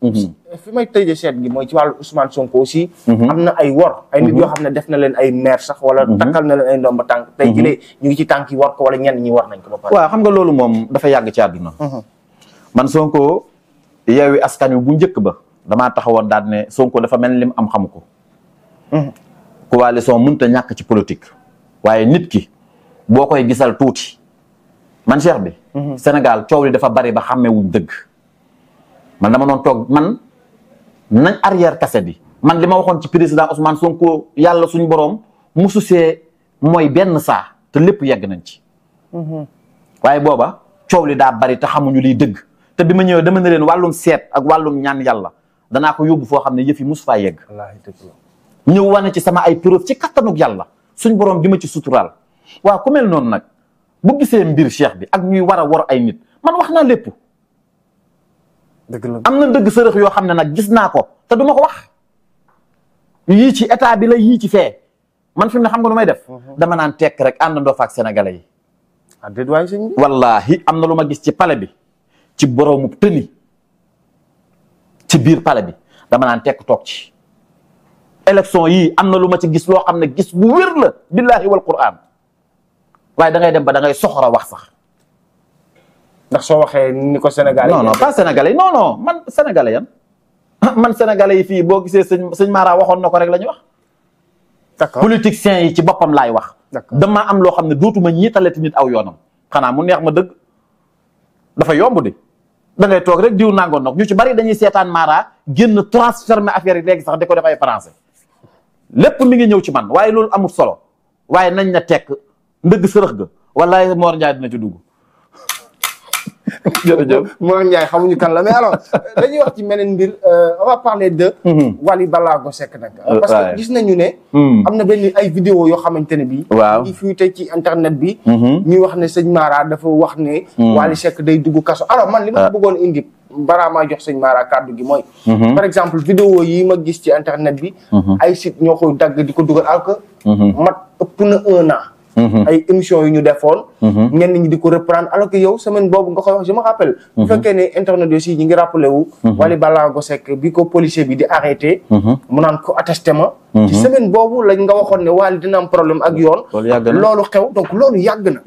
Mm-hmm. fi may tëjee seet mooy ci wàllu Ousmane Sonko aussi. Mm-hmm. am na ay wor. ay nit mm-hmm. yoo xam ne def na leen ay maire sax wala. takkal na leen ay ndomba tànk. tey de ñu ngi ci tànk yi war ko wala ñenn ñi war nañ ko ba pare. waaw xam nga loolu moom dafa yàgg ci àdduna. man Sonko yeewi askan wi bu njëkk ba damaa taxawoon daal ne Sonko dafa mel ni lim am xam ko. coalition mënut a ñàkk ci politique. waaye nit ki boo koy gisal tuuti man Cheikh bi. Sénégal coow li dafa bari ba xàmmewuñ dëgg. man dama doon toog man nañ arrière cassette bi man li ma waxoon ci président Ousmane Sonko yàlla suñu borom musu see mooy benn saa te lépp yegg nañ ci. Mhm. waaye booba coow li daa bari te xamuñu liy dëgg te bi ma ñëwee dama ne leen wàllum seet ak wàllum ñaan yàlla danaa ko yóbbu foo xam ne yëf yi mus faa yegg. ñëw wane ci sama ay preuve ci kattanug yàlla suñ borom bi ma ci suturaal waaw ku mel noonu nag bu gisee mbir cheikh bi ak ñuy war a wor ay nit man wax naa lépp. am na dëgg sërëx yoo xam ne nag gis naa ko te duma ko wax yii ci état bi la yii ci fee man fi mu ne xam nga lu may def mhm. dama naan tekk rek àndandoo fa ak sénégalais yi ah déet waay am na lu ma gis ci pale bi ci boroomu tëni ci biir pale bi dama naan tekk toog ci élection yii am na lu ma ci gis loo xam ne gis bu wér la billaahi wal quraan waaye da ngay dem ba da ngay soxora wax sax ndax soo waxee ni ko sénégalais. non non pas sénégalais non man sénégalais yan man sénégalais yi fii boo gisee sëñ sëñ Mara waxoon na ko rek la ñu wax. d'accord politiciens yi ci boppam laay wax. dama am loo xam ne dootuma ñiitalati nit aw yoonam xanaa mu neex ma dëgg dafa yomb di da ngay toog rek diw nangoon nag ñu ci bari dañuy seetaan Mara génn transformer affaire yi léegi sax di ko def ay français lépp mi ngi ñëw ci man waaye loolu amul solo waaye nañ na tekk ndëgg sërëx ga walaay Mor Ndiaye ci dugg. jërëjëf Mor Ndiaye xamuñu kan la mais alors dañuy wax ci meneen mbir euh, on va parler de. Mhm. Wally Ballago Seck nag. Euh, parce que gis nañu ne. Mhm. am na benn ay vidéo yoo xamante ne bi waaw di fuité ci internet bi. Mhm. ñuy wax ne sëñ Mara dafa wax ne. Wally sekk day dugg kaso alors man li ma ah. bëggoon indi. baraa maa jox sëñ Mara ka gi mooy. par exemple vidéo yi ma gis ci internet bi. ay site ñoo koy dagg di ko dugal alors que. mat ëpp na Mm-hmm. ay émissions yu ñu defoon mm-hmm. ñenn ñi di ko reprendre alors que yow semaine boobu nga koy wax je me rappelle mm-hmm. bu bi ko policier bi di arrêté mu naan ko attesté ma ci semaine boobu lañ nga waxoon ne Wally dina am problème ak yoon loolu xew donc loolu yàgg na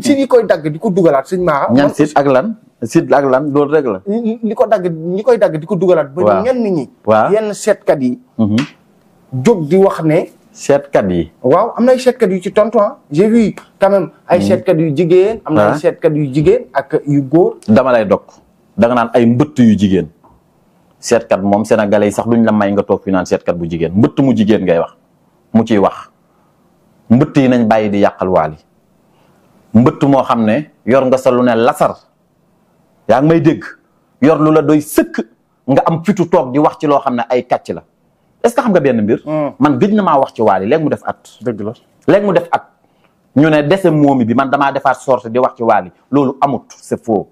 si ñi koy dagg di ko dugalaat sëñ Mara ñaan sit ak lan sit ak lan loolu rek la ko dagg ñi koy dagg di ko dugalaat ba ñenn ñi yenn seetkat yi jóg di wax ne seetkat yi. waaw am na ay seetkat yu ci tontu ah j'ai ay hmm. seetkat yu jigéen. am na ay ah. seetkat yu jigéen ak yu góor. dama lay dog danga naan ay mbëtt yu jigéen seetkat moom sénégalais yi sax duñ la may nga toog fi naan seetkat bu jigéen mbëtt mu jigéen ngay wax mu ciy wax mbëtt yi nañ bàyyi di yàqal waal yi mbëtt moo xam ne yor nga sa lu ne lasar yaa ngi may dégg yor lu la doy sëkk nga am fitu toog di wax ci loo xam ne ay kàcc la. est-ce xam nga benn mbir. Hmm. man gëj na maa wax ci waali léegi mu def at. dëgg la léegi mu def at ñu ne dese moomi bi man damaa defaat sorte di wax ci waali loolu amut sa faux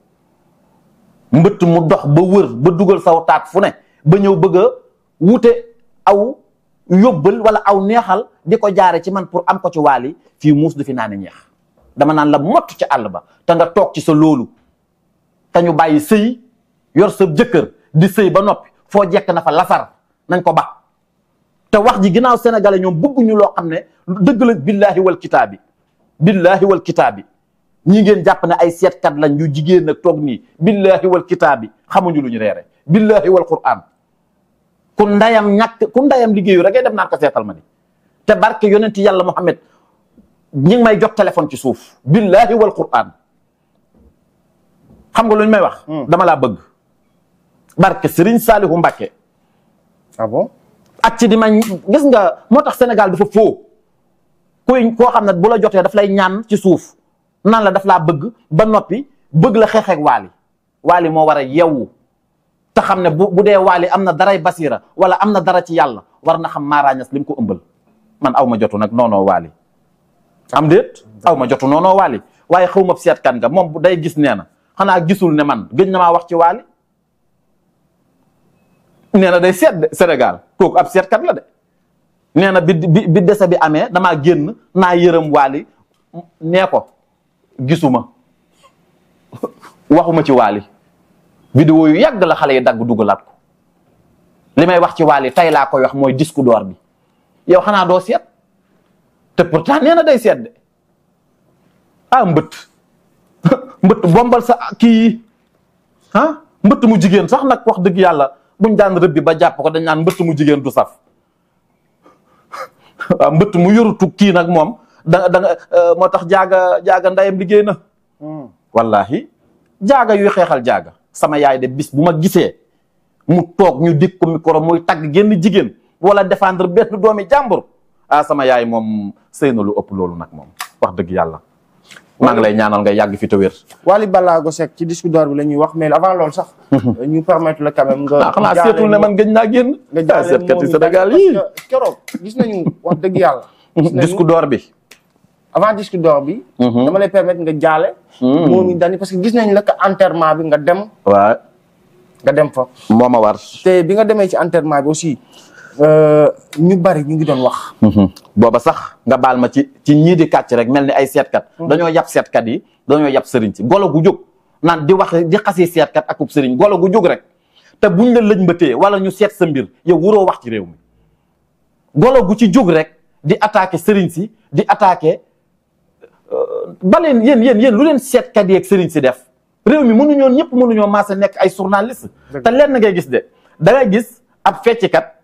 mbëtt mu dox ba wër ba dugal saw taat fu ne ba ñëw bëgg a wute aw yóbbal wala aw neexal di ko jaare ci man pour am ko ci waali fii muus du fi naa ne ñeex dama naan la mott ci àll ba te nga toog ci sa loolu te ñu bàyyi sëy yor sa jëkkër di sëy ba noppi foo jekk na fa lasar nañ ko ba te wax ji ginnaaw sénégalais ñoom bëgguñu loo xam ne dëgg la billaahi wal kitaabi billaahi wal kitaabi ñi ngeen jàpp ne ay seetkat lañ yu jigéen nag toog nii billaahi wal kitaabi xamuñu lu ñu reere billaahi wal quraan ku ndayam ñàkk ku ndayam liggéeyu rek dem naan ko seetal ma ni te barke yonenti yàlla Muhammad ñi may jox téléphone ci suuf billaahi wal quraan xam nga lu ñu may wax hmm. dama la bëgg barke Serigne Saliou mbake ah ak ci di ma gis nga moo tax Sénégal dafa foo kuy koo xam ne bu la jotee daf lay ñaan ci suuf nan la daf laa bëgg ba noppi bëgg la xeexeeg waali waali moo war a yeewu te xam ne bu bu dee waali am na daray basira wala am na dara ci yàlla war na xam maaraañas lim ko ëmbal man aw ma jotu nag noono waali am déet aw ma jotu noonoo waali waaye xaw ma seetkan nga moom day gis nee na xanaa gisul ne man gëj na maa wax ci waali nee na day seet de Sénégal kooku ab seetkat la de nee na bi bi dese bi amee damaa génn naa yërëm waali nee ko gisuma waxuma ci waali vidéo yu yàgg la xale yi dagg dugalaat ko li may wax ci waali tey laa koy wax mooy disque d'or bi yow xanaa doo seet te pourtant nee na day seet de ah mbëtt mbëtt bombal sa kii ah mbëtt mu jigéen sax nag wax dëgg yàlla buñ daan rëbbi ba jàpp ko dañ naan mbëtt mu jigéen du saf mbëtt mu yorutu kii nag moom da da euh, moo tax jaaga jaaga ndayam liggéey na hmm. wallahi jaaga yu xeexal jaaga sama yaay de bis bu ma gisee mu toog ñu dikk ko micro muy tagg génn jigéen wala défendre benn doomi jàmbur ah sama yaay moom sëy lu ëpp loolu nag moom wax dëgg yàlla maa ngi lay ñaanal nga yàgg fi te wér. Wally Ballago Seck ci disque d'or bi la ñuy wax mais avant loolu sax. Mhm. ñu permettre la quand nga. Ah, mhm. bi. avant mhm. nga jaale. moom it daal parce gis nañ la que bi nga dem. waaw. nga dem fa. moo ma war. te bi nga demee ci enterrement bi aussi. Euh, ñu bari ñu ngi doon wax. booba sax nga baal ma ci ci ñii di kàcc rek mel ni ay seetkat mm-hmm. dañoo yab seetkat yi dañoo yab sëriñ si golo gu jóg naan di wax di xasee seetkat akub sëriñ golo gu jóg rek te buñ la lëj mbatee wala ñu seet sa mbir yow wuroo wax ci réew mi golo gu ci jóg rek di attaqué sëriñ si di attaqué euh, ba leen yéen yéen yéen lu leen seetkat yeeg sëriñ si def réew mi mënuñoo ñëpp mënuñoo maase nekk ay journaliste te na ngay gis de dangay gis ab fecckat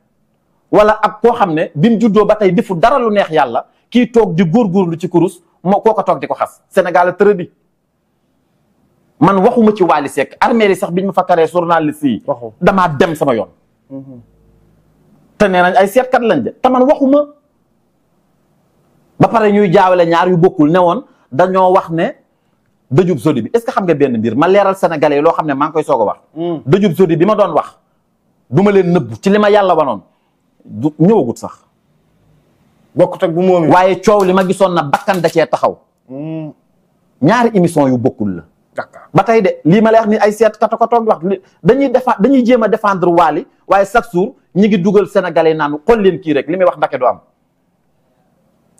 wala ab koo xam ne bi mu juddoo ba tey defu dara lu neex yàlla kii toog di lu ci kurus moo koo ko toog di ko xas Sénégal tërëdi man waxuma ci Wally Seck armée sax biñ ma fa karee journaliste yi damaa dem sama yoon mhm. te nee nañ ay seetkat lañ de te man waxuma ba pare ñuy jaawale ñaar yu bokkul ne woon dañoo wax ne dëjub zodi bi est-ce que xam nga benn mbir ma leeral sénégalais yi loo xam ne maa ngi koy soog a wax mm. dëjub zodi bi ma doon wax du ma leen nëbb ci li ma yàlla wanoon du ñëwagut sax bokkut ak bu moom waaye coow li ma gisoon na bakkan da cee taxaw. Hmm. ñaari émission yu bokkul la. ba tey de lii ma lay wax ni ay seet kata ko toog wax dañuy defa dañuy jéem a défendre waali waaye chaque jour ñi ngi dugal sénégalais naan xool leen kii rek li may wax ndake du am.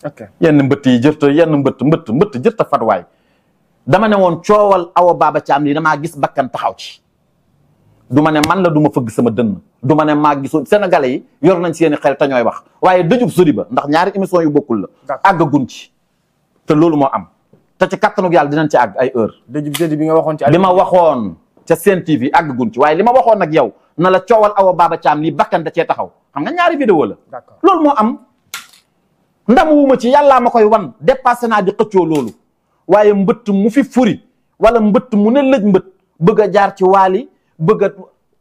ok yenn mbëtt yi jërta yenn mbëtt mbëtt mbëtt jërta fatwaay dama ne woon coowal awo baaba caam lii damaa gis bakkan taxaw ci. du ma ne man la duma ma fëgg sama dënn du ma ne maa gisoon sénégalais yi yor nañ seeni xel te ñooy wax waaye dëjub sudi ba ndax ñaari émission yu bokkul la àggagun ci te loolu moo am te ci kattanug dinañ ci àgg ay heure dëjub sudi bi nga waxoon ci li ma waxoon ca Sen TV àggagun ci waaye waxoon nag yow na la coowal awa baaba caam li bakkan da cee taxaw nga ñaari vidéo la loolu moo am ndam wuma ci yàllaa ma koy wan dépassé naa di xëccoo loolu waaye mbëtt mu fi furi wala mbëtt mu ne lëj mbëtt bëgg a jaar ci waali bëgg a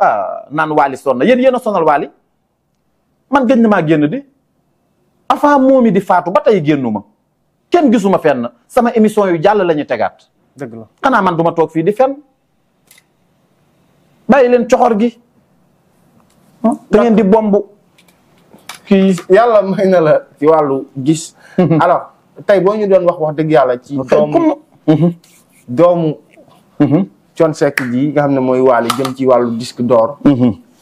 ah, naan waali sonna yéen yéen a sonal waali man gëj na maa génn di avant moomi di faatu ba tey génnuma kenn gisuma fenn sama émission yu jàll lañuy tegaat. dëgg xanaa man du ma toog fii di fenn bàyyi leen coxor gi. da ngeen di bomb. kii yàlla may la ci wàllu gis. Mhm. alors tey boo ñu doon wax wax dëgg yàlla. ci doomu. Mhm. Mhm. Thione Seck ji nga xam ne mooy waale jëm ci wàllu disque d'or mm-hmm.